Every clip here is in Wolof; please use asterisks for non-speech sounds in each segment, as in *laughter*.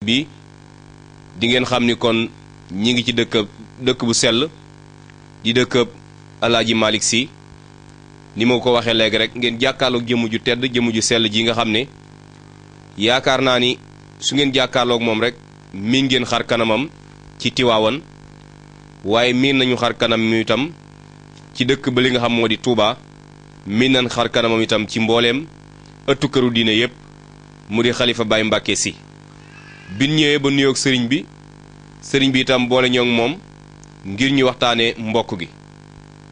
bi di ngeen xamni kon ñi ngi ci dekk dekk bu sel di dekk alaaji malik si ni mo ko waxe leg rek ngeen jàkkaarloog jëm ju tedd jëm ju sel ji nga xam yaakar yaakaar ni su ngeen jàkkaarloog mom rek mi ngeen xar kanamam ci Tiwaawan waye mi nañu xar kanam mi tam ci dekk ba li nga xam modi di Touba minan nañ xar kanamam itam ci mbollem eutu keru diine yépp mudi khalifa Baye mbake si bin ñëwee ba nuyoog sëriñ bi sëriñ bi itam boole ñoo moom ngir ñu waxtaanee mbokk gi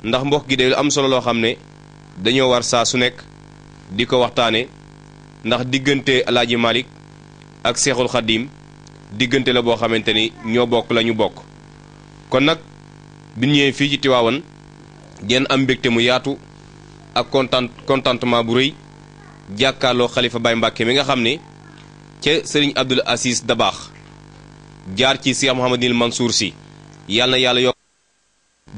ndax mbokk gi day am solo loo xam ne dañoo war saa su nekk di ko waxtaanee ndax diggante Alaaji Malik ak Seexul Xaddiim diggante la boo xamante ni ñoo bokk la ñu bokk. kon nag bi ñëwee fii ci Tiwaawan genn am mbégte mu yaatu ak kontaan contentement bu rëy jàkkaarloo xalifa Baye Mbàkke mi nga xam ne. ca sëriñ Abdul Asis baax jaar ci Cheikh Mouhamadinil Mansour si yàlla na yàlla yokk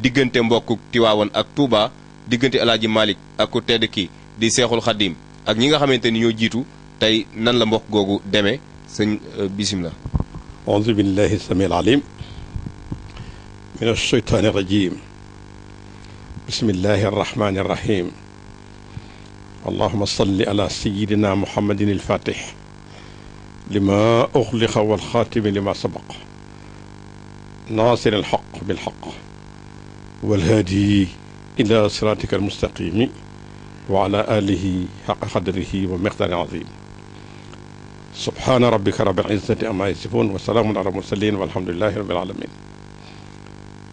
diggante mbokku Tiwaawan ak Touba diggante El Hadj ak ku tedd ki di Seexul Xaddiim ak ñi nga xamante ni ñoo jiitu tey nan la mbokk googu deme sëñ euh, bisimilah. auzu billahi samiil aliim mina shaytaani rajiim bismillahi rahmaani muhammadin al fatih لما أغلق والخاتم لما سبق ناصر الحق بالحق والهادي إلى صراطك المستقيم وعلى آله حق قدره ومقدار عظيم سبحان ربك رب العزة أما يصفون وسلام على المرسلين والحمد لله رب العالمين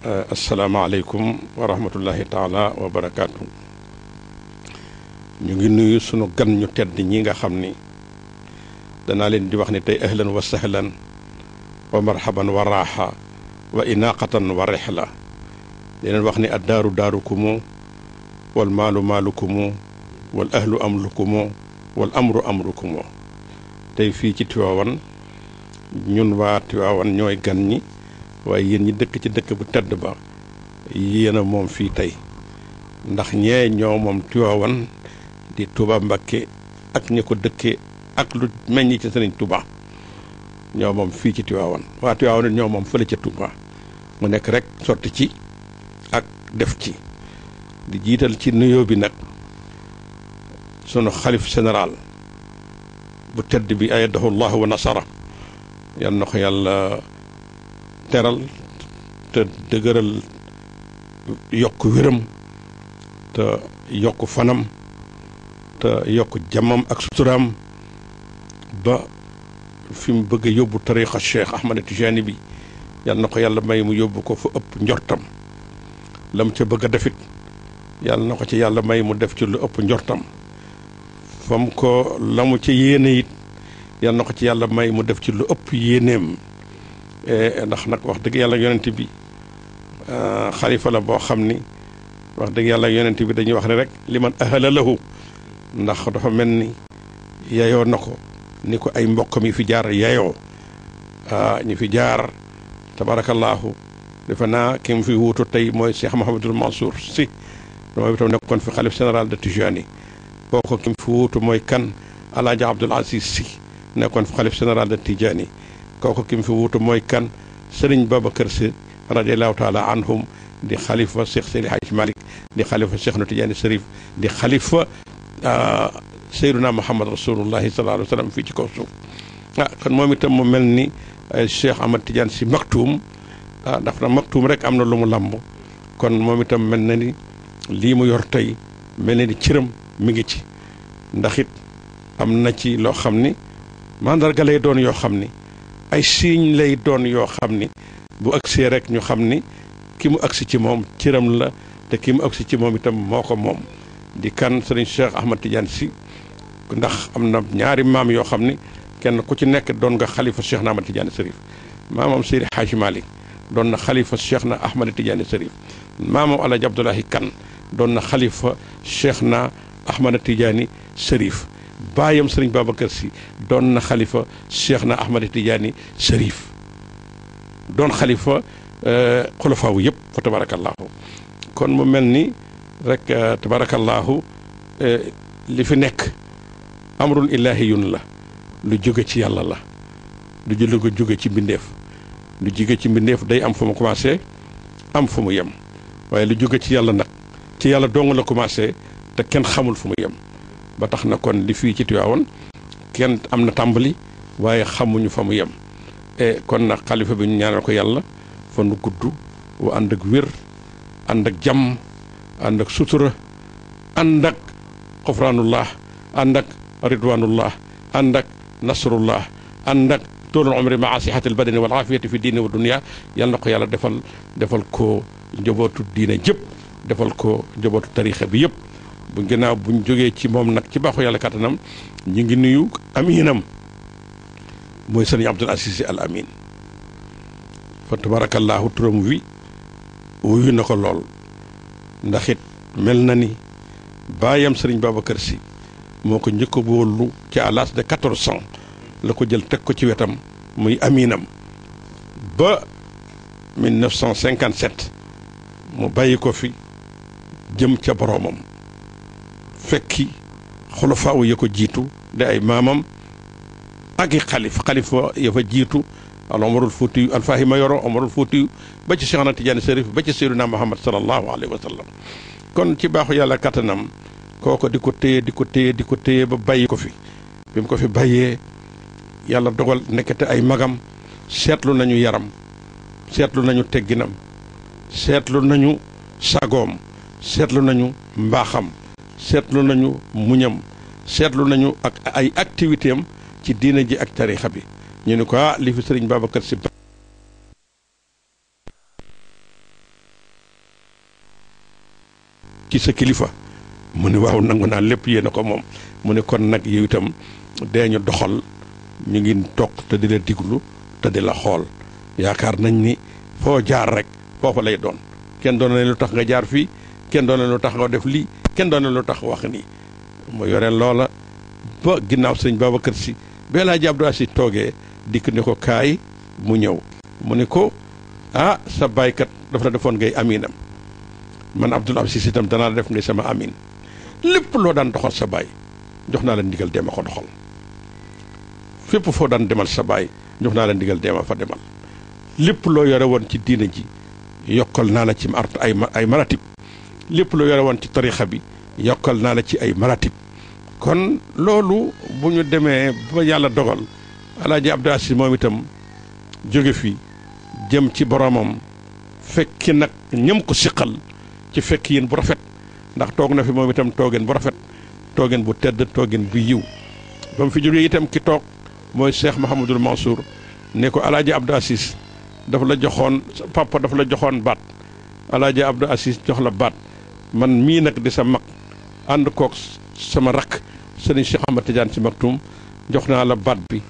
آه، السلام عليكم ورحمة الله تعالى وبركاته ñu ngi nuyu sunu gan ñu danaa leen di wax ne tey ahlan wa sahlan wa marhaban wa raaxa wa inaqatan wa rihla di leen wax ne ad daaru daarukumu wal maalu maalukumu wal ahlu amlukumu wal amru amrukumu tey fii ci Tiwaawan ñun waa Tiwaawan ñooy gan ñi waaye yéen ñi dëkk ci dëkk bu tedd ba yéen a moom fii tey ndax ñee ñoo moom Tiwaawan di Tuuba Mbàkke ak ñi ko dëkkee ak lu meññ ci sëriñ Touba ñoo moom fii ci Tiwaawan waa Tiwaawan ñoo moom fële ca Touba mu nekk rek sotti ci ak def ci di jiital ci nuyoo bi nag sunu xalif général bu tedd bi ayadahu llah wa nasara yal teral te dëgëral yokk wéram te yokk fanam te yokk jàmmam ak suturaam ba fi mu bëgg yóbbu tariqa cheikh ahmad tijani bi yàlla na ko yàlla may mu yóbbu ko fa ëpp njortam lam ca bëgg a defit yàlla na ko ci yàlla may mu def ci lu ëpp njortam fam ko la mu ca yéene it yàlla na ko ci yàlla may mu def ci lu ëpp yéeneem ndax nag wax dëgg yàlla yonent bi xalifa la boo xam ni wax dëgg yàlla yonent bi dañuy wax ne rek li man ahala lahu ndax dafa mel ni yeyoo na ko ni ko ay mbokkam yi fi jaar yeyoo ñi fi jaar tabarakallahu defe naa ki mu fi wuutu tey mooy Cheikh Mouhamadul Mansour si mooy itam nekkoon fi xalif général de Tijani kooku ki mu fi wuutu mooy kan Alaaji Abdul Aziz si nekkoon fi xalif général de Tijani kooku ki mu fi wuutu mooy kan Serigne Babacar si radiallahu taala anhum di xalifa Cheikh Seydi Hadj Malick di xalifa Cheikh na Tijani Serif di xalifa sayyiduna muhammad rasulullahi sallallahu alayhi wa sallam fii ci kaw suuf ah kon moom itam mu mel ni eh, Cheikh Ahmad Tidiane si maktuum ah ndax na maktuum rek am na lu mu làmb kon moom itam mel na ni lii mu yor tey mel na ni cëram mi ngi ci ndax it am na ci loo xam ni mandarga lay doon yoo xam ni ay signe lay doon yoo xam ni bu agsee rek ñu xam ni ki mu agsi ci moom cëram la te ki mu agsi ci moom itam moo ko moom di kan sëriñ Cheikh Ahmad Tidiane si ndax am na ñaari maam yoo xam ni kenn ku ci nekk doon nga xalifa Cheikh na Ahmad Tidiane Sërif maamam Seydi Hadji Malick doon na xalifa Cheikh na Ahmad Tidiane Sërif maamam Alaaji Abdoulahi Kan doon na xalifa Cheikh na Ahmad Tidiane Sërif baayam Sëriñ Babacar Si doon na xalifa Cheikh na Ahmad Tidiane Sërif doon xalifa xulafaawu yëpp fa tabarakallahu kon mu mel ni rek tabarakallahu li fi nekk amrun ilaahiyun la lu jóge ci yàlla la lu jële ko jóge ci mbindeef lu jóge ci mbindeef day am fu mu commencé am fu mu yem waaye lu jóge ci yàlla nag ci yàlla dong la commencé te kenn xamul fu mu yem ba tax na kon li fii ci Tiwaawoon kenn am na tàmbali waaye xamuñu fa mu yem e kon nag xalifa bi ñu ñaanal ko yàlla fa nu gudd wa ànd ak wér ànd ak jàmm ànd ak sutura ànd ak xofraanullah ànd ak ridwanullah andak nasrullah andak ak umri maasihat sihatil badani wal afiyati fi dini wa dunia yal ko defal defal ko njobotu dine jep defal ko njobotu tarixa bi yep bu ginnaaw bu jógee ci mom nak ci baxu yalla katanam ñi ngi nuyu aminam moy sen abdul asisi al amin fa tabarakallah turum wi wuyu nako lol ndaxit melna ni bayam serigne babakar sy moko ñëk bu wolu ci à l'âge de 400 ans la ko jël tek ko ci wetam muy aminam ba 1957 mu bayiko fi jëm ca boromam fekki xulafaaw ya ko jiitu di ay maamam ak i xalif ya fa jiitu al omarul al fahima yoro omarul fuutiyu ba ci cheikh Seexna Tijaani Sariif ba ci sayyidina Muhammad sallallahu alaihi wasallam kon ci baxu yàlla katanam kooko di ko téye di ko téye di ko téye ba bàyyi ko fi bi mu ko fi bàyyee yàlla dogal nekkete ay magam seetlu nañu yaram seetlu nañu tegginam seetlu nañu sagoom seetlu nañu mbaaxam seetlu nañu muñam seetlu nañu ak ay activité am ci diina ji ak tarixa bi ñu ni ko ah li fi sëriñ Babacar si ci sa kilifa mu ne waaw nangu naa lépp yéen a ko moom mu ne kon nag yow itam dee ñu doxal ñu ngi toog te di la diglu te di la xool yaakaar nañ ni foo jaar rek foofa lay doon kenn doon nañ lu tax nga jaar fii kenn doon na lu tax nga def lii kenn doon na lu tax wax nii mu yore loola ba ginnaaw sëñ kër si bee laa jàpp daa si toogee dikk ni ko kaay mu ñëw mu ne ko ah sa baykat dafa la defoon ngay aminam man Abdoul Aziz itam danaa def ngay sama amin lépp loo daan doxal sa baay jox naa la ndigal deema ko doxal fépp foo daan demal sa baay jox naa la ndigal a fa demal lépp loo yore woon ci diina ji yokkal naa la ci art ay ay maratib lépp loo yore woon ci tarixa bi yokkal naa la ci ay maratib kon loolu bu ñu demee ba yàlla dogal alaaji Abdou moom itam jóge fi jëm ci boroomam fekki nag ñëm ko siqal ci fekk yéen bu rafet ndax toog na fi moom itam toogeen bu rafet toogeen bu tedd toogin bu yiw ba mu fi jógee itam ki toog mooy Cheikh Mahamadul Mansour ne ko alaaji Abdou Assis dafa la joxoon papa dafa la joxoon baat alaaji Abdou Assis jox la baat man mii nag di sa mag ànd kook sama rakk sëriñ ma Ahmad Tidiane mag Maktoum jox naa la baat bi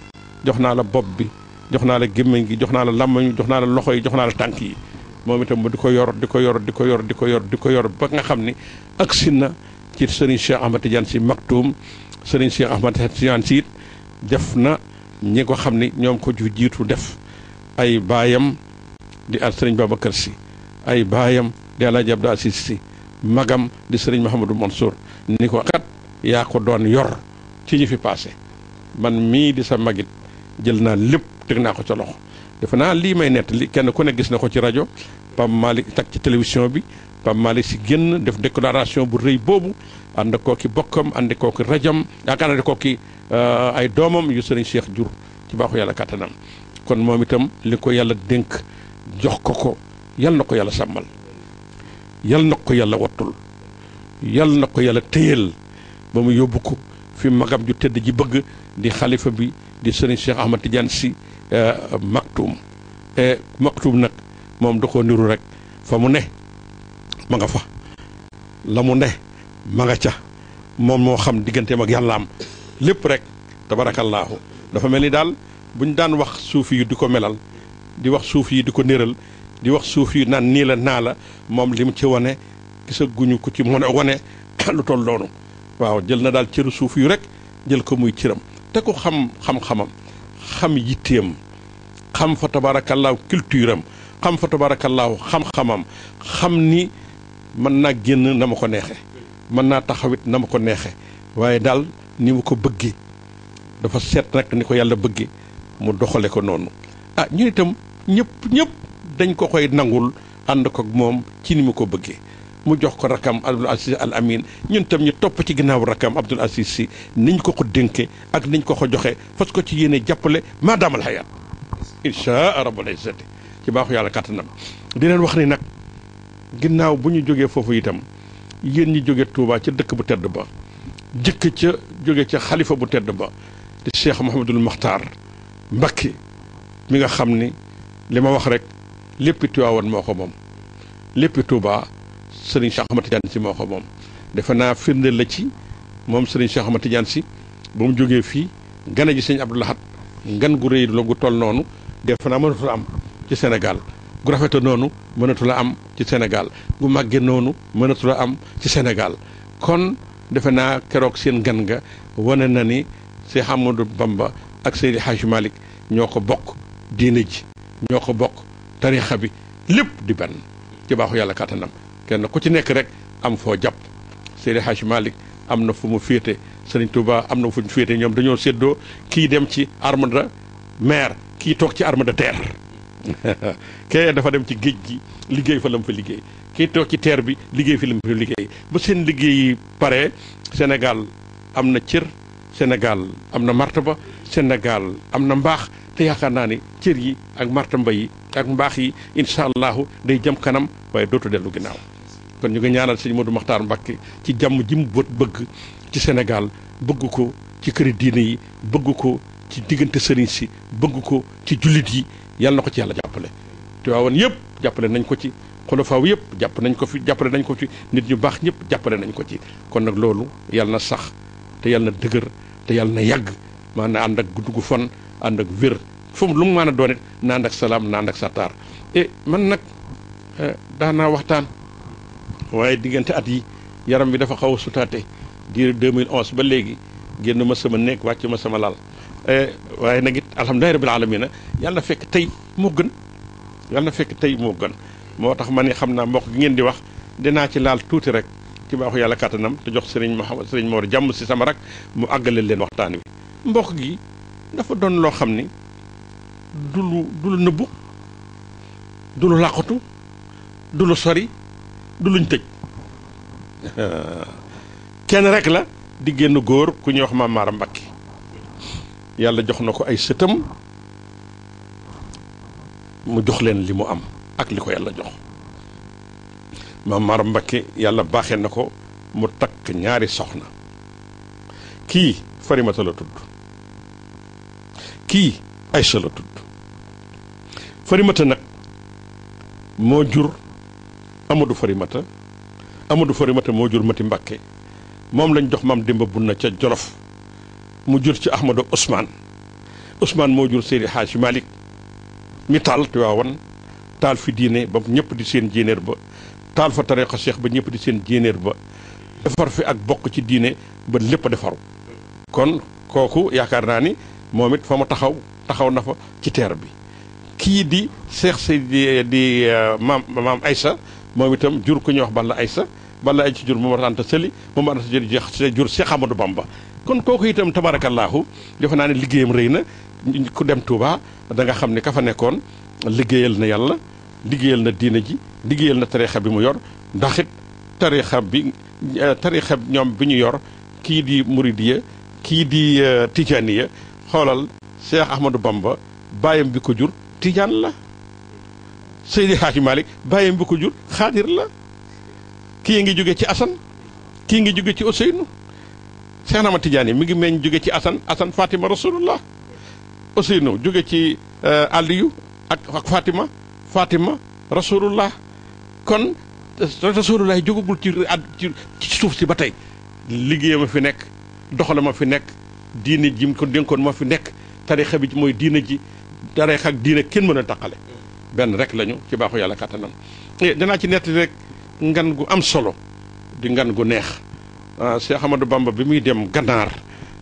jox naa la bopp bi jox naa la gémmiñ gi jox naa la làmmiñ jox naa la loxo yi jox naa la tànk yi moom itam mu di ko yor di ko yor di ko yor di ko yor di ko yor ba nga xam ni agsi na ci sëriñ cheikh ahmad tidiane si maktoum sëriñ cheikh ahmad tidiane si it def na ñi ko xam ni ñoom ko ju jiitu def ay baayam di al sëriñ babacar si ay baayam di alaaji abdou asis si magam di sëriñ mahamadou mansour ni ko kat yaa ko doon yor ci ñi fi passé man mii di sa magit jël naa lépp teg naa ko ca loxo defe naa lii may nettali kenn ku ne gis na ko ci rajo Pape Malick tak ci télévision bi Pape Malick si génn def déclaration bu rëy boobu ànd kooki bokkam ànd kooki rajam yaakaar na ki euh, ay doomam yu sëriñ Cheikh jur ci baaxu yàlla kattanam kon moom itam li ko yàlla dénk jox ko ko yal na ko yàlla sàmmal yal na ko yàlla wattul yal na ko yàlla téyel ba mu yóbbu ko fi magam ju tëdd ji bëgg di xalifa bi di sëriñ Cheikh Ahmad Tidiane si maktuum euh, maktuum nag moom da ko niru rek fa mu ne ma nga fa la mu ne ma nga ca moom moo xam digganteem ak yàllaam lépp rek tabarakallaahu dafa mel ni daal bu ñu daan wax suuf yi di ko melal di wax suuf yi di ko néral di wax suuf yi naan nii la naa la moom li mu ci wane gisaguñu ko ci mën a wane *coughs* lu toll noonu waaw jël na daal cëru suuf yu rek jël ko muy cëram te ko xam xam-xamam xam yitteem xam fa tabaarakallaahu culture am xam fa tabaarakallaahu xam-xamam xam ni mën naa génn na ma ko neexe mën naa taxawit na ma ko neexe waaye daal ni mu ko bëggee dafa seet nag ni ko yàlla bëggee mu doxale ko noonu ah ñu itam ñëpp ñëpp dañ ko koy nangul ànd ko moom ci ni mu ko bëggee mu jox ko rakam Abdoul Aziz Al Amin ñun tam ñu topp ci ginnaaw rakam Abdoul Aziz si niñ ko ko dénkee ak niñ ko ko joxe fas ko ci yéene jàppale maa maadaamal xayaat inchaa rabbal izzati ci baaxu yàlla kàttanam di wax ni nag ginnaaw bu ñu jógee foofu itam yéen ñi jóge tuubaa ca dëkk bu tedd ba jëkk ca jóge ca xalifa bu tedd ba di Cheikh Mouhamadul Makhtar mbakki mi nga xam ni li ma wax rek léppi Tiwaawan moo ko moom léppi Touba Serigne Cheikh Ahmad Tidiane si moo ko moom defe naa firnde la ci moom Serigne Cheikh Ahmad si ba mu jógee fii gane ji sëñ Abdou Lahad ngan gu rëy la gu toll noonu defe naa mënatu la am ci Sénégal gu rafete noonu mënatul la am ci Sénégal gu màgge noonu mënatu la am ci Sénégal kon defe naa keroog seen gan nga wane na ni Cheikh Amadou Bamba ak Seydi Hadji malik ñoo ko bokk diine ji ñoo ko bokk tariixa bi lépp di benn ci baaxu yàlla kàttanam kenn ku ci nekk rek am foo jàpp Seydi Hadj Malick am na fu mu féete Serigne Touba am na fu mu féete ñoom dañoo séddoo kii dem ci arme maire kii toog ci arme de terre *laughs* kee dafa dem ci géej gi liggéey fa la fa liggéey kii toog ci teer bi liggéey fi la mu liggéey ba seen liggéey yi pare Sénégal am na cër Sénégal am na martaba senegal am na mbaax te yaakaar naa ne cër yi ak martaba yi ak mbaax yi incha allahu day jëm kanam waaye dootu dellu ginnaaw. kon ñu ngi ñaanal sëñ Modou Makhtar mbacke ci jamm ji mu bëgg ci Sénégal bëgg ko ci këri diine yi bëgg ko ci digënté sëriñ ci bëgg ko ci julit yi yalla nako ci yalla jappalé jàppale tiwaawan yépp jappalé nañ ko ci xulafaaw yépp japp nañ ko fi jappalé nañ ko ci nit ñu bax ñëpp jappalé nañ ko ci kon nag loolu yalla na sax te yalla na dëgër te yalla na yàgg maanaam ànd ak guddugu fan ak wér fu lu mu mën a ak salaam ak et eh, man nag eh, daanaa waxtaan waaye diggante at yi yaram bi dafa xaw a sutaate diir 2011 ba léegi génn ma sama nekk wàcc ma sama laal eh, waaye nag it alhamdulilah rabbil alamina yàlla na fekk tey moo gën yàlla na fekk tey moo gën moo tax ma ne xam naa mbokk gi ngeen di wax dinaa ci laal tuuti rek ci baaxu yàlla kàttanam te jox ma sëriñ Mouhamed sëriñ Mor jàmm si sama rak mu àggale leen waxtaan wi. mboq gi dafa doon loo xam ni du lu du lu nëbbu du lu làqatu du lu sori. du luñ tëj kenn rekk la di génn góor ku ñuy wax maam Mara yàlla jox na ko ay sëtam mu jox leen li mu am ak li ko yàlla jox maam Mara Mbacke yàlla baaxee na ko mu takk ñaari soxna kii Farimata la tudd kii ay la tudd Farimata nag moo jur Amadou Farimata Amadou Farimata moo jur Mati Mbàkke moom lañ jox maam bu na ca Jolof mu jur ci Ahmadou Ousmane Ousmane moo jur Seydi Hadji Malick mi taal Tiwaawan taal fi diine ba ñëpp di seen jéenéer ba taal fa tariqa Cheikh ba ñëpp di seen jéenéer ba defar fi ak bokk ci diine ba lépp a defaru kon kooku yaakaar naa ni moom it fa ma taxaw taxaw na fa ci teer bi kii di Cheikh Seydi di eh, maam maam Aysa moom itam jur ku ñuy wax Balla Aysa Balla ci jur Momar Anta Sali Momar Anta Sali jur jur Cheikh Amadou Bamba kon kooku itam tabarakallahu defe naa ne liggéeyam rëy na ku dem Touba da nga xam ne ka fa nekkoon liggéeyal na yàlla liggéeyal na diina ji liggéeyal na tariixa bi mu yor ndax it tariixa bi eh, tarixa ñoom bi ñu yor kii di muridiya kii di eh, tijaniya xoolal Cheikh Ahmadou Bamba bàyyam bi ko jur tijaan la Seydi Hadji Malick bàyyam bi ko jur xaadir la kii ngi jóge ci Assane kii ngi jóge ci Ousseynou Cheikh Ahmad Tidiane mi ngi meññ jóge ci Assane Assane Fatima Rasulullah Ousseynou jóge ci euh, Aliyu ak ak Fatima Fatima Rasulullah kon Rasulullah jógagul ci at suuf si ba tey liggéeyam fi nekk ma fi nekk diine ji ko dénkoon moo fi nekk tarixa bi mooy diine ji tarixa ak diine kenn mën a taqale benn rek lañu ci baaxu yàlla kàttanam eh, danaa ci nettali rek ngan gu am solo di ngan gu neex ah, Cheikh Ahmadou Bamba bi muy dem ganaar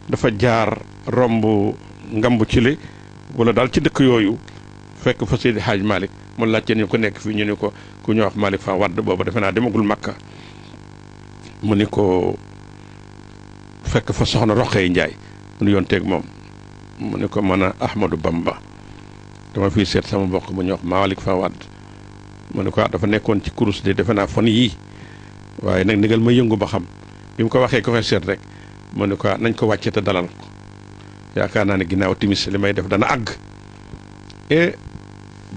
dafa jaar romb ngambu ci li wala daal ci dëkk yooyu fekk fa Seydi Hadj Malick mu laajte ni ko nekk fii ñu ni ko ku ñuy wax Malick Fa Wadd boobu defe naa demagul Makka mu ni ko fekk fa soxna Roqee Njaay mu yoon teeg moom mu ni ko mën a Ahmadou Bamba dama fiy seet sama mbokk bu ñuy wax fa Fawad moo ne ko ah, dafa nekkoon ci kurus de defe naa fan yii waaye nag ndigal ma yëngu ba xam bi mu ko waxee ko fay seet rek moo ne ko ah, nañ ko wàccee te dalal ko yaakaar naa ne ginnaaw timis li may def dana àgg e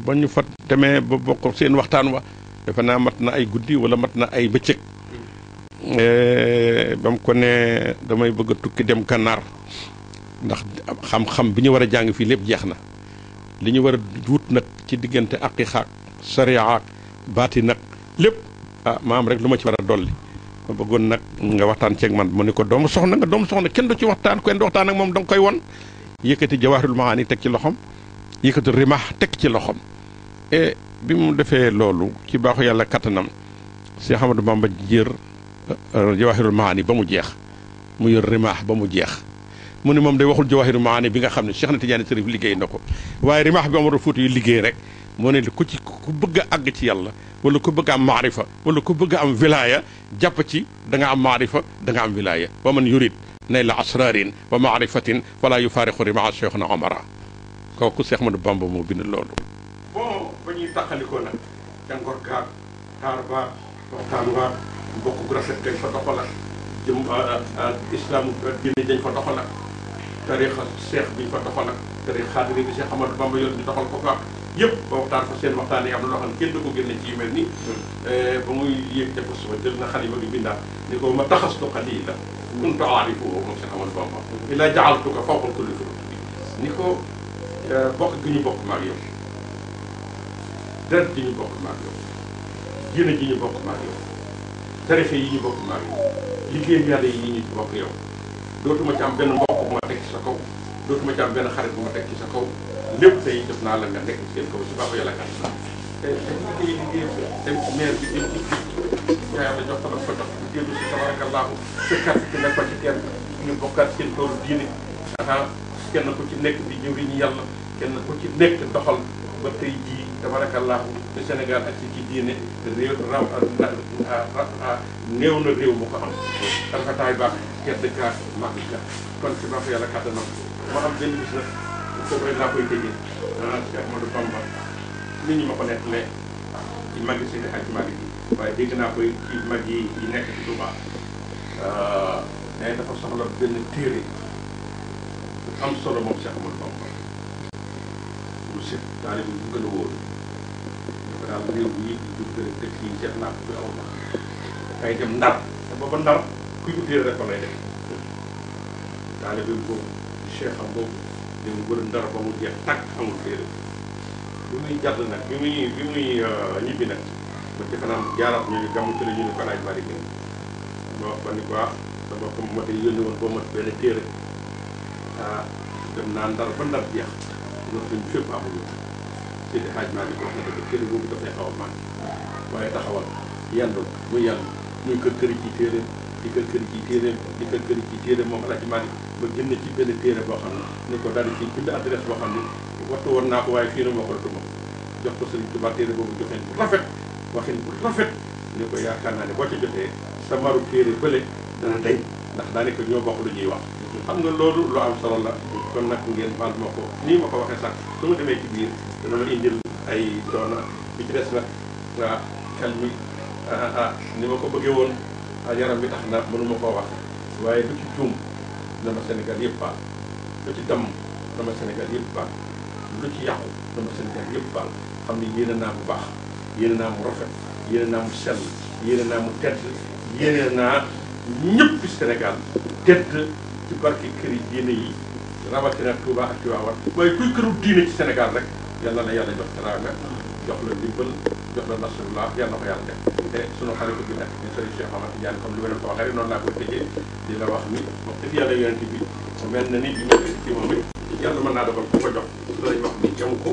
ba ñu fa demee ba bokk seen waxtaan wa defe naa mat na ay guddi wala mat na ay bëccëg e, ba mu ko ne damay bëgg a tukki dem gànnaar ndax xam-xam bi ñu war a jàng fii lépp jeex na li ñu war a wut nag ci diggante aqiqaak sariyaak baati nag lépp ah ma am rek lu ma ci war a dolli ma bëggoon nag nga waxtaan ceeg man mu ni ko doomu soxna nga doomu soxna kenn du ci waxtaan kenn du waxtaan moom danga koy won yëkkati jawaarul maani teg ci loxom yëkkati rimaax teg ci loxom bi mu defee loolu ci baaxu yàlla kattanam Cheikh Amadou Bamba jër ah, jawaahirul maani ba mu jeex mu yor rimaax ba mu jeex mu ne moom day waxul jawaahiru maani bi nga xam ne Cheikh na Tidiane Chérif liggéey na ko waaye rimaax bi Omar Fuuti yu liggéey rek moo ne ku ci ku bëgg a àgg ci yàlla wala ku bëgg a am maarifa wala ku bëgg am wilaaya jàpp ci danga am maarifa da nga am wilaaya wa man yurid nay la asrarin wa maarifatin fala yufaariqu rimaa Cheikh na Omara kooku Cheikh Ahmadou Bamba moo bind loolu bon ba ñuy tàqalikoo nag jàngoor gaar taar ba waxtaan waa mbokk gu rafet tarixa cheikh bi fa doxal ak tarixa xaadiri bi Cheikh Amadou Bamba yoon ñu doxal ko fa yëpp ba waxtaan fa seen waxtaan yi am na loo xam ne kenn ko génne ci yu mel nii eh, ba muy yéeg ca suba jël na xalima gi bindaat ni ko ma taxastu qalila kuntu aarifuhu moom Cheikh Amadou Bamba ila jaaltuka fawqa kulli furut ni ko eh, bokk gi ñu bokk maag yow deret gi ñu bokk maag yow diine ji ñu bokk maag yow tarixa yi ñu bokk maag yow liggéey yàlla yi ñu ma teg ci sa kaw dootuma ci am benn xarit bu ma teg ci sa kaw lépp tey def naa la nga nekk seen kaw si baaxu yàlla yàlla jox la ko jox dellu si tabarakallahu sa kàtt ci nekk ko ci kenn ñu bokkaat seen toolu diine aha kenn ku ci nekk di jëwriñu yàlla kenn ku ci nekk doxal ba tey jii tabarakallahu ci Sénégal ak ci diine réew raw ah, ah, néew na réew mu ko am rafetaay baax gerte gaa mag ga kon ci baax yàlla kàttanam ma am benn bis nag foofu rek laa koy nekk lee ci mag yi nekk ci Touba mais euh, dafa soxla benn téere am solo moom Cheikh Ahmadou Bamba lu set daal bu gën a wóor daal réew mi dugg dëkk yi seet naa ko fi aw ma kay dem ndar te booba ndar kuy utile rek ko lay def taalibe boobu cheikh am boobu dem wër ndar ba mu jeex dem naa ndar ba ndar jeex nga suñ fépp amul si di xaaj maa ko wax dëgg këri boobu dafay xaw a màgg waaye taxawal yendu muy yendu muy kër kër ci téeréem di kër kër ci téeréem di kër kër ci téeréem moom alaaji Maalik ba génn ci benn téere boo xam ne ni ko daal di ci bind boo xam ne waxtu woon naa ko waaye fii na ma xool duma ko Sëriñ Tuubaa téere boobu joxeen bu rafet waxin bu rafet ne ko yaakaar naa ne boo ca jotee sa maru téere bële dana tey ndax daanaka ñoo bokk lu ñuy wax xam nga loolu loo am solo la kon nag ngeen baal ma ko nii ma ko waxee sax su ma demee ci biir dana ma indil ay coono bi ci des nag waa xel mi ah, ah, ah, ni ma ko bëggee woon yaram bi tax na mënuma koo wax waaye lu ci juum dama Sénégal yëpp baal lu ci damm dama Sénégal ci yàqu dama Sénégal yëpp baal xam ne yéene naa mu baax yéene naa mu rafet yéene naa mu sell yéene naa mu tedd yéene naa ñëpp Sénégal tedd ci barke kër yi yéene yi rawatina a ak Tivaouane waaye kuy këru diine ci Sénégal rek yàlla na yàlla jox teraanga jox la di ndimbal jox la nasrullah yàlla na ko yàlla def te sunu xarit bi nekk di sëriñ Cheikh Amath Diagne comme li ma leen ko waxee rek noonu laa ko tëjee di la wax ni wax dëgg yàlla yonent su mel na ni bi ñëw ci moom it yàlla mën naa dogal ku ko jox danañ wax ni jamu ko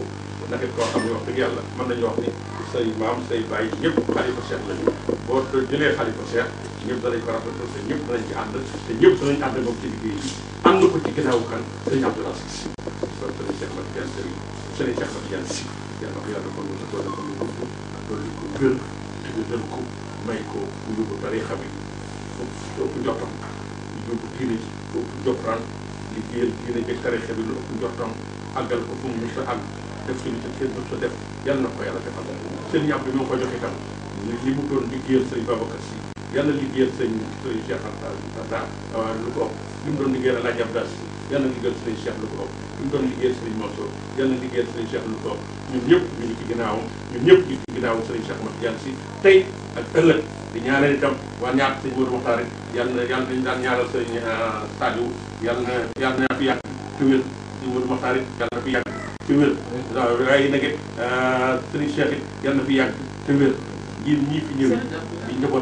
naka koo xam ne wax dëgg yàlla mën nañu wax ni say maam say bàyyi ñëpp xalifa cheikh lañu boo jëlee xalifa cheikh ñëpp danañ ko rafetlu te ñëpp danañ ci ànd te ñëpp danañ ànd moom ci liggéey yi ànd ko ci ginnaawu kan sëñ Abdoulaye Si kon sëñ Cheikh Mati Diagne sëriñ sëriñ Cheikh Mati Diagne si yàlla ko yàlla ko lu gudd ak doole ko gër te ñu gën ko may ko yóbbu bari xam yi ëpp njottam yóbbu diine ji ëpp njottaan liggéeyal diine jëg tarixe bi lu ëpp njottam àggal ko fu mu mës a àgg def suñu te seen bët sa def yàlla na ko yàlla defal seen yàpp ñoo ko joxe tam li mu doon liggéeyal sëñ Babacar Si yàlla liggéeyal sëñ sëñ Cheikh Anta Anta lu ko ëpp li mu doon liggéeyal El Hadj Abdas yàlla liggéeyal sëñ Cheikh ko ëpp doon liggéeyal sëñ Mansour yàlla liggéeyal sëñ Cheikh lu ko ëpp ñun ñëpp ñu ngi ci ginnaawam ñun ñëpp ñu ngi ci ginnaawam sëñ Cheikh si tey ak ëllëg di ñaar sëñ Modou Mokhtar rek yàlla na yàlla nañu daan ñaanal sëñ ah, Saliou yàlla na yàlla na fi yàgg tuwél sëñ Modou Mokhtar rek na fi yàgg te wér waaye nag it sëriñ Cheikh it yal fi yàgg te wér yéen ñii fi ñëwee ci lu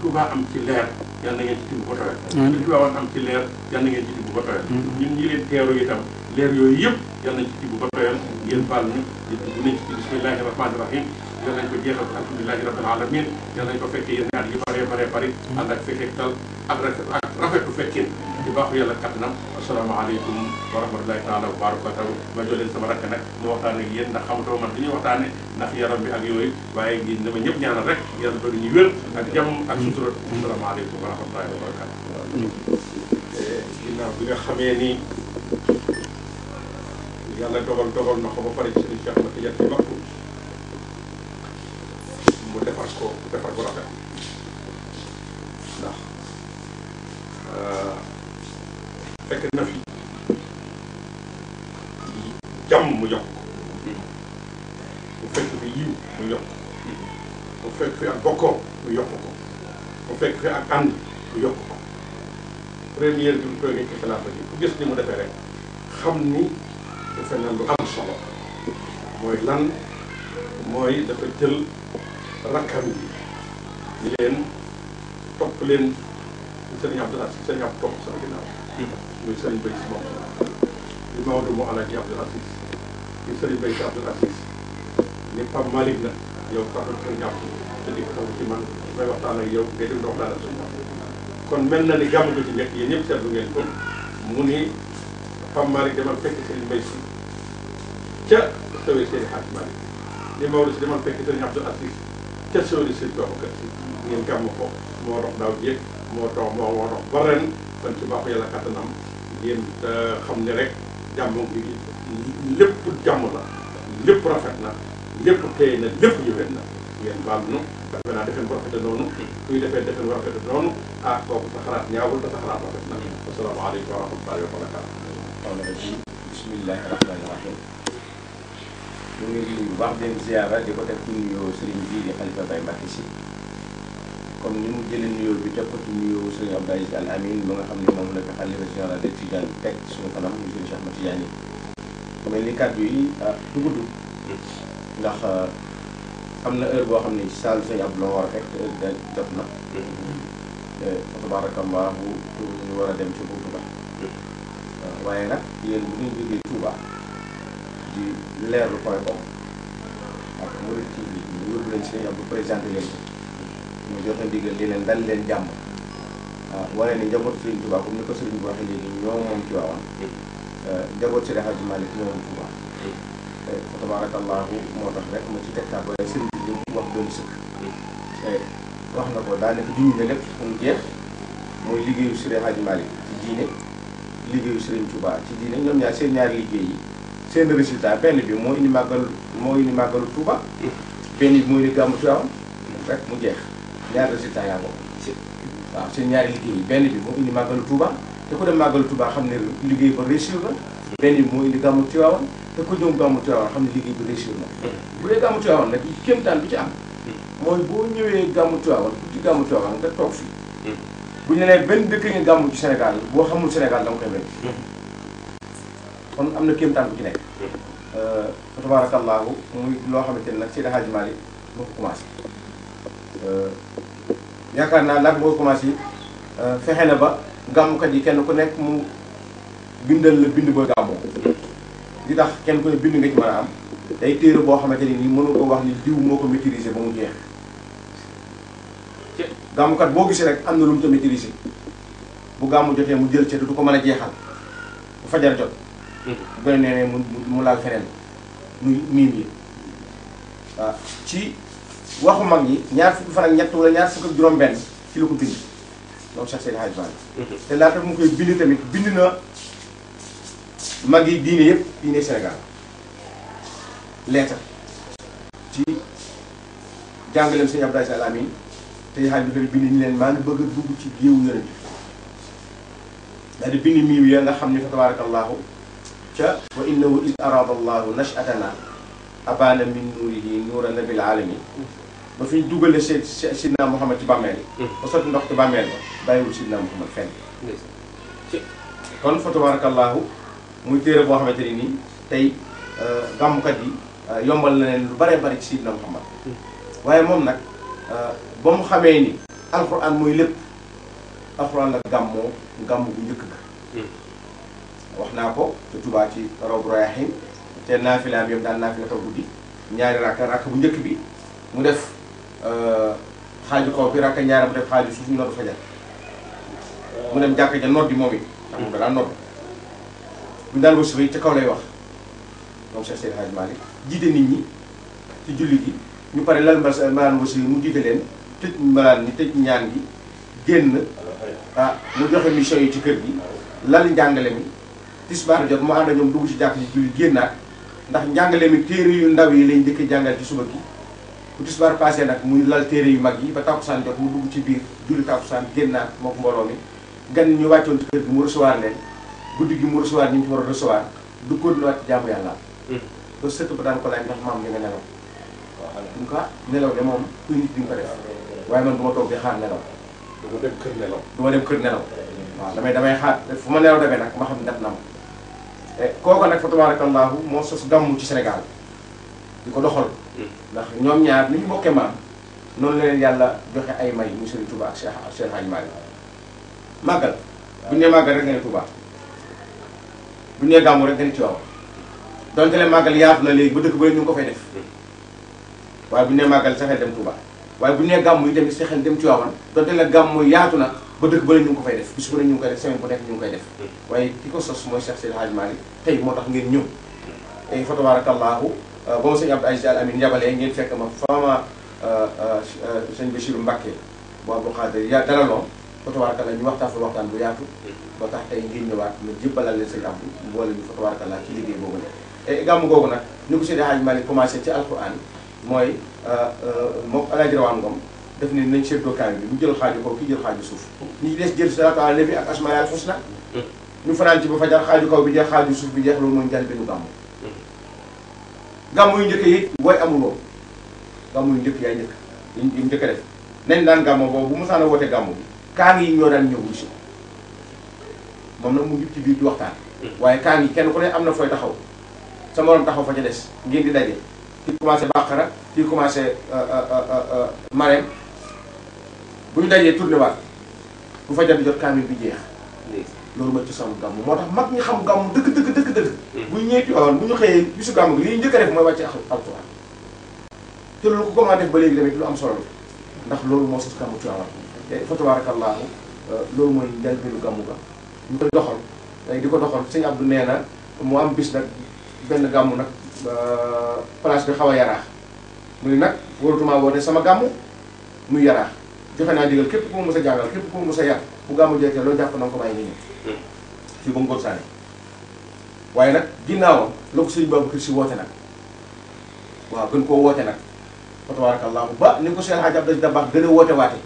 Tuubaa am ci leer yal na ngeen ci tibb ba tawee lu Tiwaawan am ci leer yal na ngeen ci tibb ba tawee ñun leen teeru itam leer yooyu yëpp yal na ci tibb ba tawee ngeen baal ñu bu nañ ci bismillaahi rahmaani rahim yal nañ ko jeexal alhamdulilahi rabbil alamin yal nañ ko fekkee yenn at yu bare bare bëri ànd ak fekkee tal ak rafet ak rafetu fekkee di baaxu yàlla kattanam asalaamaaleykum wa rahmatulahi taala wa barakatuhu ma jox leen sama rakk nag mu waxtaan ak yéen ndax xamatoo man li ñuy yaram bi ak yooyu waaye ngi dama ñëpp ñaanal rek yàlla bëgg ñu wér ak jàmm ak sutura asalaamaaleykum wa rahmatulahi wa barakatuhu eh, ginnaaw bi nga xamee ni yàlla dogal dogal na ko ba pare ci suñu Cheikh Mati Yatti Bakku ko defar bu rafet euh, fekk na fi jàmm mu yokk bu fekk fi yiw mu yokk bu fekk fi ak bokkoo mu yokk ko bu fekk fi ak ànd mu yokk ko première bi mu koy nekk ci xilaafa bi ku gis ni mu defee rek xam ni defe na lu am solo mooy lan mooy dafa jël rakam yi iya. ya, di len top len sëriñ Abdoulaye si sëriñ Abdou topp sama ginnaaw muy sëriñ Bay si moom ni Maodo mu Alaaji Abdoul Aziz ni sëriñ Bay si Abdoul ni pam malik na yow taxul sëriñ Abdou te di ko ci man may waxtaan ak yow ngay dem di waxtaan ak suñu kon mel na ni gam gi ci nek yeen ñep seetlu ngeen ko mu ni pam malik demal fekk sëriñ Bay ci ca sawee seeni xaaj Malick ni Maodo ci demal fekk sëriñ Abdoul Aziz ca sóori sëñ Tuubaa kat si ngeen gàmm ko moo dox daaw jéeg moo dox moo moo ba ren kon ci baaxu yàlla kattanam ngeen euh, xam ne rek jàmm bi lépp jàmm la lépp rafet na lépp tey na lépp yëwet na ngeen baal nu defe naa defeen bu rafete noonu kuy defee defeen bu rafete noonu ah kooku sa xalaat ñaawul te sa xalaat rafet na asalaamaaleykum wa rahmatullahi wa barakatu bismillahi rahmani rahim ñu ngi leen bu baax dem ziara di ko def ci nuyoo sëriñ bii di xalifa Baye Mbacké Sy comme ni mu jëlee nuyoo bi te ko ci nuyoo sëriñ Abdou Aziz Al Amine ba nga xam ne moom la ko xalifa général de Tidiane teg suñu kanam muy sëriñ Cheikh Ahmed Tidiane yi mel ni kàddu yi ah, du gudd ndax ah, am na heure boo xam ne ci saal sëriñ Abdou la war a fekk te heure da jot na mm-hmm. eh, tabarakallahu pour ñu war a dem ci buntu ba mm-hmm. ah, waaye nag yéen bu ngeen jógee Touba di leerlu point com ak Mouride TV ñu wër leen si ñoom bu présenté leen ko mu joxe ndigal li leen dal leen jàmm ah wane ni njaboot Sëriñ Tuubaa comme ni ko Sëriñ bi waxee léegi ñoo moom ci waawan eh, njaboot Sëriñ Hajji Maalik ñoo moom Tuubaa eh, fa tabaarakallaahu moo tax rek ma ci tegtaat waaye sëriñ bi li mu wax doon sëkk eh, wax na ko daanaka junj na lépp fu mu jeex mooy liggéeyu Sëriñ Hajji Maalik ci diine liggéeyu Sëriñ Tuubaa ci diine ñoom ñaar seen ñaari liggéey yi seen résultat benn bi moo indi màggalu moo indi màggalu Touba. benn bi moo indi gàmmu Tiwaawan mu jeex ñaari résultat yaa ngi waaw yi benn bi moo indi màggalu Touba te ku dem màggalu Touba xam ne liggéey ba réussir la. benn bi moo indi gàmmu Tiwaawan te ku ñëw gàmmu Tiwaawan xam ne liggéey ba réussir la. bu dee gàmmu Tiwaawan nag kéemtaan bi ci am. mooy boo ñëwee gàmmu Tiwaawan ku ci gàmmu Tiwaawan nga toog fii. bu ñu nee benn dëkk nga gàmmu ci Sénégal boo xamul Sénégal dama koy kon am na kéemtaan bu ci nekk. fa hmm. euh, tabaarakallaahu muy loo xamante ne nag Seydi Hadji Malick moo ko commencé. Euh, yaakaar naa laata boo commencé euh, fexe na ba gàmmkat yi kenn ku nekk mu bindal la bind ba gàmmoo li tax kenn ku bind nga ci mën a am day téere boo xamante ni mënu ko wax nii diw moo ko maîtriser ba mu jeex gàmmukat boo gisee rek am na lu mu ca maîtriser bu gàmmu jotee mu jël ca du ko mën a jeexal bu fajar jot Mm-hmm. bu gën a mu laal feneen muy miim yi waaw ci waxu mag ñi ñaar fukki fan ak ñett wala ñaar fukki ak juróom-benn ci la ko bind moom Cheikh Seydi Hadji Malick mm-hmm. te laata mu koy bind tamit bind na mag yi diine yëpp diine Sénégal leetar ci jàngaleem sëñ Abdoulaye Sall Amin bi bind ni leen maa ngi bëgg a dugg ci géewu yonent bi daal di bind miiw ya nga xam ne fa tabaarakallaahu وإنه إذ أراد الله نشأتنا أبانا من نوره نور النبي العالمي وفي دوغل سيدنا محمد بامير وصلت نقطة بامير بايو سيدنا محمد فين كون نعم. فتبارك الله مدير أبو أحمد ريني تي غام كدي يومبال نين لو باري باري سيدنا محمد واي موم نك بوم خامي ني القران موي لب القران لا غامو غامو نيوك wax naa ko te Touba ci Rawdu Rayaahiin te naafilaam yëpp daan naafila taw guddi ñaari rakka rakka bu njëkk bi mu def euh, xaaju kaw bi rakka ñaari mu def xaaju suuf ñu nodd fajar mu dem jàkka ja noddi moom it ndax ca kaw lay wax moom Cheikh Seydi Hadji Malick jiite nit ñi ci julli gi ñu pare lal malaan wërsëg yi mu jiite leen tëj malaan ni tëj ñaan gi génn ah mu joxe mission yi ci kër gi lal njàngale mi tisbaar jot mu ànd ak ñoom dugg ci jàkk ji julli génnaat ndax njàngale mi téere yu ndaw yi lañ dëkk jàngal ci suba gi bu tisbaar passé nag muy lal téere yu mag yi ba takkusaan jot mu dugg ci biir julli takkusaan génnaat mook mbooloo mi gan ñu wàccoon ci kër gi mu recevoir leen guddi gi mu recevoir ñu ngi ci war a recevoir du continuer ci jaamu yàlla ba sëkk ba daan ko laaj ndax maam li nga ko nelaw de moom kuy nit di nga ko def waaye man du ma toog di xaar nelaw du ma dem kër nelaw du ma dem kër nelaw waaw damay xam ne def na Eh, kooku nag fa tabarakallahu moo sos gàmmu ci Sénégal di ko doxal. Hmm. ndax ñoom ñaar ni ñu bokkee maam noonu la leen yàlla joxe ay may mu Serigne Touba ak Cheikh ak Cheikh Hadj Malick màggal nee màggal rek nga ne Touba bu ñu nee gàmmu rek nga ne Tiwaawan donte yaatu na léegi bu dëkk ba ñu ko fay def hmm. waaye bu ñu nee màggal sa xel dem tubaa waaye bu ñu nee gàmmu yi tamit sa xel dem Tiwaawan donte ne gàmmu yaatu na. ba dëkk ba ne ñu ngi ko fay def bis bu ne ñu ngi koy def semaine bu nekk ñu ngi koy def ko sos mooy Cheikh Seydi Hadji Malick tey moo tax ngeen ñëw tey fa tabaarakallaahu euh, ba ma sëñ Abdou Aziz Al Amin yabalee ngeen fekk ma faama euh, euh, sëñ Bachir Mbacke bu Abdou ñu waxtaan fa waxtaan bu yaatu ba tax tey ngeen ñëwaat ma jébbalal leen sëñ Abdou mboole ñu fa ci liggéey boobu la et gàmm googu nag ni ko Seydi Hadji Malick commencé ci alquran mooy moom Alaaji Rawaan Ngom def ne nañ seddoo kaay bi mu jël xaaju kaw ki jël xaaju suuf ñi ci des jël salaatu lefi ak asmaa yaal xusna ñu fanaan ci ba fajar xaaju kaw bi jeex xaaju suuf bi jeex loolu mooy njaal bennu gàmmu gàmmu yu njëkk yi wooy amul woon gàmmu yu njëkk yaay njëkk yu njëkk def nañ daan gàmmu boobu bu mosaan a woote gàmmu bi kaang yi ñoo daan ñëw wusi moom nag mu ngi ci biir di waxtaan waaye kaang yi kenn ko ne am na fooy taxaw sa morom taxaw fa ca des ngeen di daje kii commencé bàqara kii commencé euh, euh, euh, marème buñu ñu tourné wat bu fa jott jot kamil bi jeex loolu ma ci sam gam motax mag ñi xam gam deug deug deug deug hmm. bu ñu ci Tiwaawan bu ñu xëyee ci su gam li ñu jëk a def mooy wàcce alxuraan te loolu ku ko mën a def ba légui tamit lu am solo la ndax loolu moo gam ci Tiwaawan té fa tabaarakallaahu euh, loolu bi lu gam ga ñu eh, ko doxal day diko doxal sëñ Abdou nee mu am bis nak ben gam nak euh, place bi xawa yarax muy nak ne nag sama gam muy yarax joxe naa digal képp ku ma mës a jàngal képp ku ma mës a yar bu gàmmu jekkee loo jàpp na nga ko bàyyi nii fii hmm. ba ngoon saani waaye nag ginnaawam la ko sëñ Babacar Si woote nag waaw gën koo woote nag fa tabaarakallaahu ba ni ko seen xaaj ab da baax gën a woote waate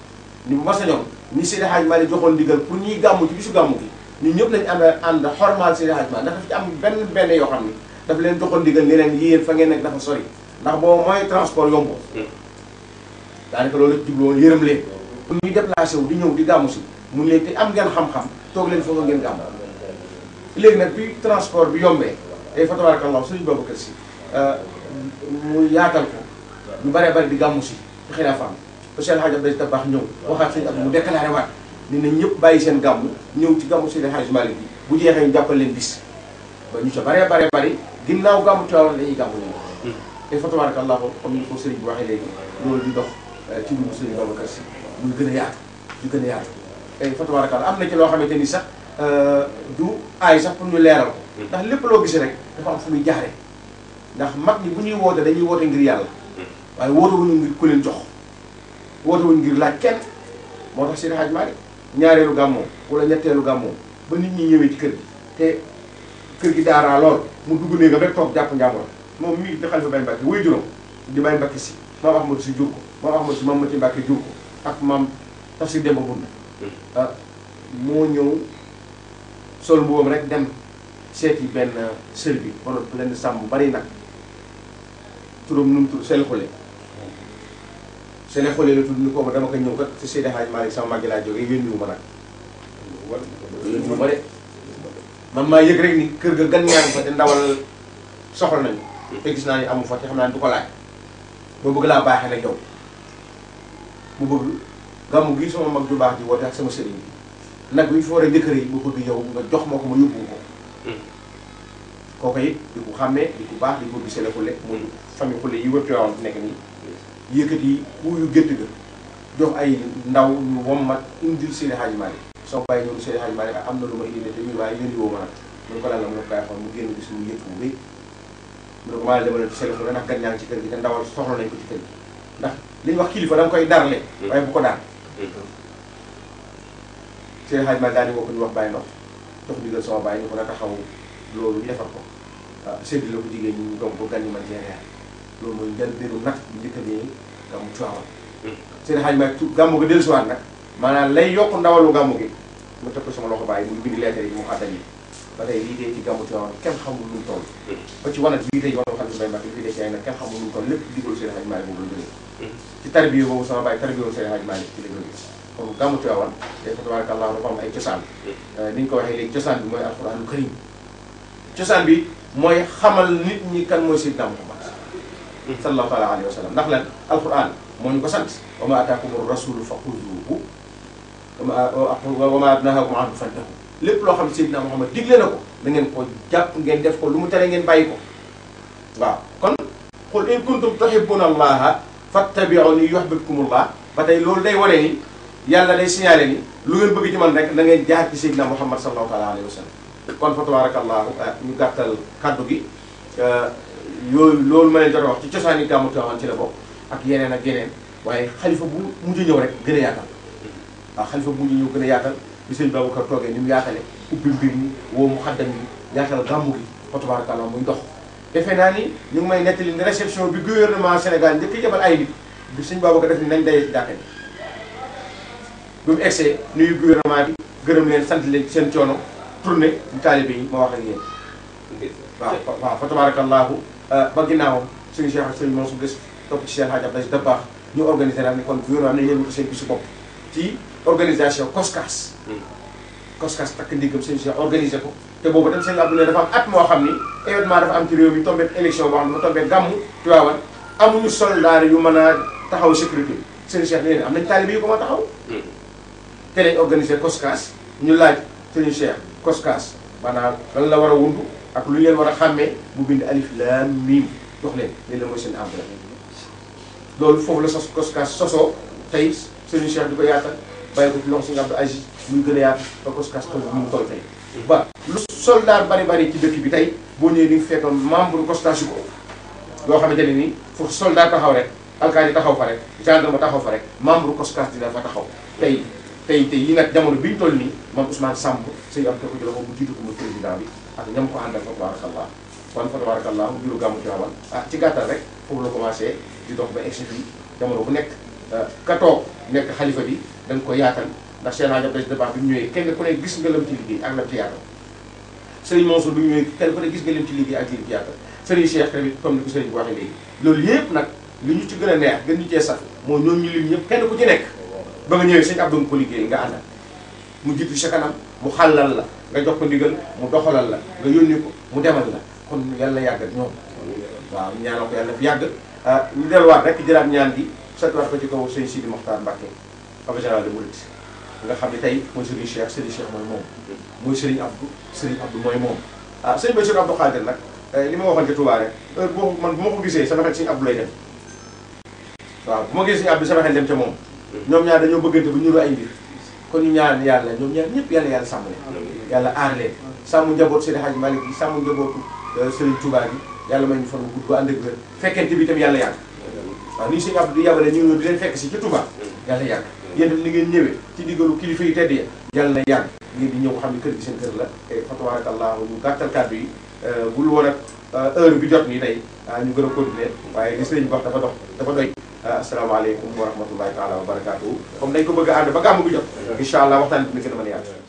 ni bu ma sañoon ni Seydi di Malick joxoon ndigal pour ñuy gàmmu ci bisu gàmmu gi ñun ñëpp lañ am ànd xormaal Seydi Hadj Malick ndax daf ci am benn benn yoo xam ni daf leen joxoon ndigal ne leen yéen fa ngeen dafa sori ndax boobu mooy transport yomb hmm. daanaka loolu jublu woon bu ñuy déplacé wu di ñëw di gàmmu si mu leen te am ngeen xam-xam toog leen foofa ngeen gàmm léegi nag bi transport bi yombee day eh, fa tabarakallah suñu Babacar Si euh, mu yaatal ko ñu bari di gàmmu si ci xilaafaam Cheikh Hadj Abdoulaye Tabax ñëw waxaat sëñ Abdou mu déclaré waat ni nañ ñëpp bàyyi seen gàmm ñëw ci gàmmu si de Hadj Malick bi bu jeexee ñu jàppal leen bis ba ñu sa bari ginnaaw gàmmu Tiwaawan lañuy gàmmu ñoom hmm. te eh, fa tabarakallah comme ni ko sëriñ bi waxee léegi loolu di dox euh, ci dugg sëriñ Babacar Si lu gën a yaatu lu gën a yaatu tey fa tabaarakalla am na ci loo xamante ni sax euh, du aay sax pour ñu leeral hmm. ndax lépp loo gis rek dafa am fu muy ndax mag ñi bu ñuy woote dañuy woote ngir yàlla hmm. waaye woote wuñu ngir ku leen jox woote wuñu ngir laaj kenn moo tax Seydi Hadji Malick ñaareelu gàmmoo wala ñetteelu gàmmoo ba nit ñi ñëwee ci kër gi te kër gi daaraa lool mu dugg néegam rek toog jàpp njàmbur moom mii di xalifa Baye Mbacke wuy juróom si maam Ahmadou si jur ko maam Ahmadou si maam Mati ak maam Tafsir Demba Bunda hmm. ah moo ñëw sol mbubbam rek dem seeti benn sër bi wala lenn sam bu bari nag turam nu mu tudd Sele Xule Sele Xule ni ko dama ko ñëw kat si Seydi Hadj Malick sama màgg laa jógee yónni wu ma nag yónni maa yëg rek ni kër ga gan ñaan fa te ndawal soxla nañu hmm. te gis naa ni amu fa te xam naa ni du ko laaj boo bëgg laa baaxee nag yow mu bëgg gàmmu gi sama mag ju baax ji woote ak sama sëriñ bi nag bi fi war a njëkkër yi mu bëgg yow nga jox ma ko ma yóbbu ko hmm. kooku it di ku xàmmee di ko baax di ko gisale xule muy famille xule yi wër Tiwaawan nekk nii yëkkat jox ay ndaw ñu wommat indil Seydi Hadji Malick soo bàyyi ñoom Seydi Hadji Malick am na lu ma indi ne te ñun waaye ma nag mun ko lan la mu ne ko xool mu génn gis mu yëpp mu bëy mu ko maa la demal ci Seydi Xule ndax gan ci kër gi te ndawal soxla nañ ko ci kër gi ndax li wax kilifa da koy darle mm-hmm. waaye bu ko daan seen xaaj ma daal di woo ko ñu wax bàyyi ndox jox ndigal sama bàyyi ñu ko na taxaw loolu ñu defar ko waaw ah, séddi la ko jigéen ñi ñu doom ko gan yi man gérer loolu mooy gàmmu Tiwaawan mm-hmm. seen nag maanaam lay yokk ndawalu gàmmu gi mu teg ko sama loxo bàyyi mu bind leetar yi mu xàttal yi ba tey lii dee ci gàmmu Tiwaawan kenn xamul lu mu toll ba ci wanat bii dee wala xam ne bay mbàkk fi dee ci ay nag kenn xamul lu mu toll lépp digalu seen Hajji Maalik la jógee ci tarbiye boobu sama bàyyi tarbiye woon seen Hajji Maalik ci la jógee kon gàmmu Tiwaawan day fa tabarakallah dafa am ay cosaan euh, ni ñu ko waxee léegi cosaan bi mooy alquranu karim cosaan bi mooy xamal nit ñi kan mooy Seydina Muhammad sallallahu taala alayhi wa sallam ndax lan alquran moo ñu sant wa ma ataakum rasulu fa xuduuhu wa ma nahaakum anhu fantahu lepp lo xam ne Muhammad diglé nako ko na ngeen ko japp ngeen def ko lu mu tere ngeen bayiko wa kon qul in kuntum tuhibbuna allah fattabi'uni yuhibbukum allah batay lolou day wone ni yalla day signalé ni lu ngeen bëgg ci man rek na ngeen jaar ci Seydina Muhammad sallallahu taala alayhi wa sallam kon fa tabarakallahu ah, ñu gattal kaddu gi euh lolou ma leen doon wax ci ciosani gamu Tiwaawan ci la bok ak yeneen ak yeneen waye khalifa bu mu ñëw rek gëna yaatal waaw khalifa bu mujj ñëw gën yaatal bi sëñ Babacar toogee ni mu yaatale ubbi mbir ñi woo mu xaddam yi yaatal gàmmu gi fa tabaarakallaa muy dox defe naa ni ñu ngi may nettali réception bi gouvernement Sénégal njëkk jabal ay nit bi sëñ Babacar def ni nañ day jàkka ji bi mu egsee nuyu bi gërëm leen sant leen seen coono tournée ñu taalibe yi ma wax ak yéen waaw euh, si ñu organisé daal ni kon gouvernement bopp ci organisation COSCAS. COSCAS takk ndiggam seen si organisé ko te boobu dem seen Abdoulaye dafa am at moo xam ni événement dafa am ci réew mi tombé élection boo xam ne dafa tombé gàmmu Tiwaawan amuñu soldaar yu mën a taxaw sécurité bi na am nañ taalibe yu ko ma taxaw. te lañ organisé COSCAS ñu laaj seen cheikh COSCAS maanaam lan la war a wundu ak lu leen war a xàmmee bu bind alif laam miim jox leen lii la mooy seen emploi loolu foofu la sos COSCAS sosoo tey seen cheikh di ko yaatal. bàyyi ko ci loxo Sëñ Abdou Aziz mu gën a yaatu ba COSCASTEL bi mu ba lu soldat bari bari ci dëkk bi tey boo ñëwee di nga fekkoon membre COSCASTEL ko loo xamante ne nii soldat taxaw rek alkaati taxaw fa rek gendarme taxaw fa rek membre COSCASTEL dina fa taxaw tey. tey tey yi nag jamono bi ñu toll nii moom Ousmane Samb sëñ am teko jëla moom mu jiitu ko mu président bi ak ñam ko àndal fa tabarakallah kon fa tabarakallah mu juru gàmmu ci rawal ah ci gàttal rek foofu la commencé di dox ba egsi jamono bu nekk ka toog nekk xalifa bi dañ ko yaatal ndax Cheikh Hadj Abdoulaye Dabakh bi mu ñëwee kenn ku ne gis nga lam ci liggéey ak lam ci yaatal Serigne Mansour bi mu ñëwee kenn ku ne gis nga lam ci liggéey ak lim ci yaatal Serigne ko Serigne bi waxee yëpp nag li ñu ci gën a neex gën ñu cee sax moo ñoom ñu ñëpp kenn ku ci nekk ba nga ñëwee sëñ liggéey nga àndal mu jiitu sa kanam mu xàllal la nga jox ko ndigal mu doxalal la nga yónni ko mu demal la kon yàlla yàggal ñoom waaw ñaanal ko yàlla fi yàgg ah, ñu delluwaat rek jëlaat ñaan bi sottiwaat ko ci kaw sëñ Sidi Mokhtar Mbacke Papa général de Mouride nga xam ne tey mooy sëriñ Cheikh sëriñ Cheikh mooy moom mooy sëriñ Abdou sëriñ Abdou mooy moom ah sëñ Bassirou Abdou Khadir nag eh, li ma waxoon ci Touba rek heure man bu ma ko gisee sama xel sëñ Abdou lay dem waaw bu ma gisee sëñ Abdou sama xel dem ca moom ñoom ñaar dañoo bëggante bu ñuroo ay mbir ko ñu ñaan yàlla ñoom ñaar ñëpp yàlla yàlla sàmm leen yàlla aar leen sàmm njaboot Seydi Hadji Malick bi sàmm njaboot eh, sëriñ Touba bi yàlla may ñu fan gudd bu ànd ak wér fekkente bi itam yàlla yàlla waa ni Sëñ Abdou di yabale ñu di leen fekk si ci Touba yàlla yàgg yéen itam ni ngeen ñëwee ci diggalu kilifa yi tedd ya yàlla na yàgg ngeen di ñëw xam ne kër gi seen kër la e, fa tabarakallah ñu gàttal kàddu yi e, bul woon ak e, heure bi jot nii tey ñu gën a continuer waaye gis nañu wax dafa dox dafa doy asalaamaaleykum wa rahmatullahi taala wa barakaatu comme dañ ko bëgg a ànd ba gàmm bi jot incha allah waxtaan bi dina gën a mën yàgg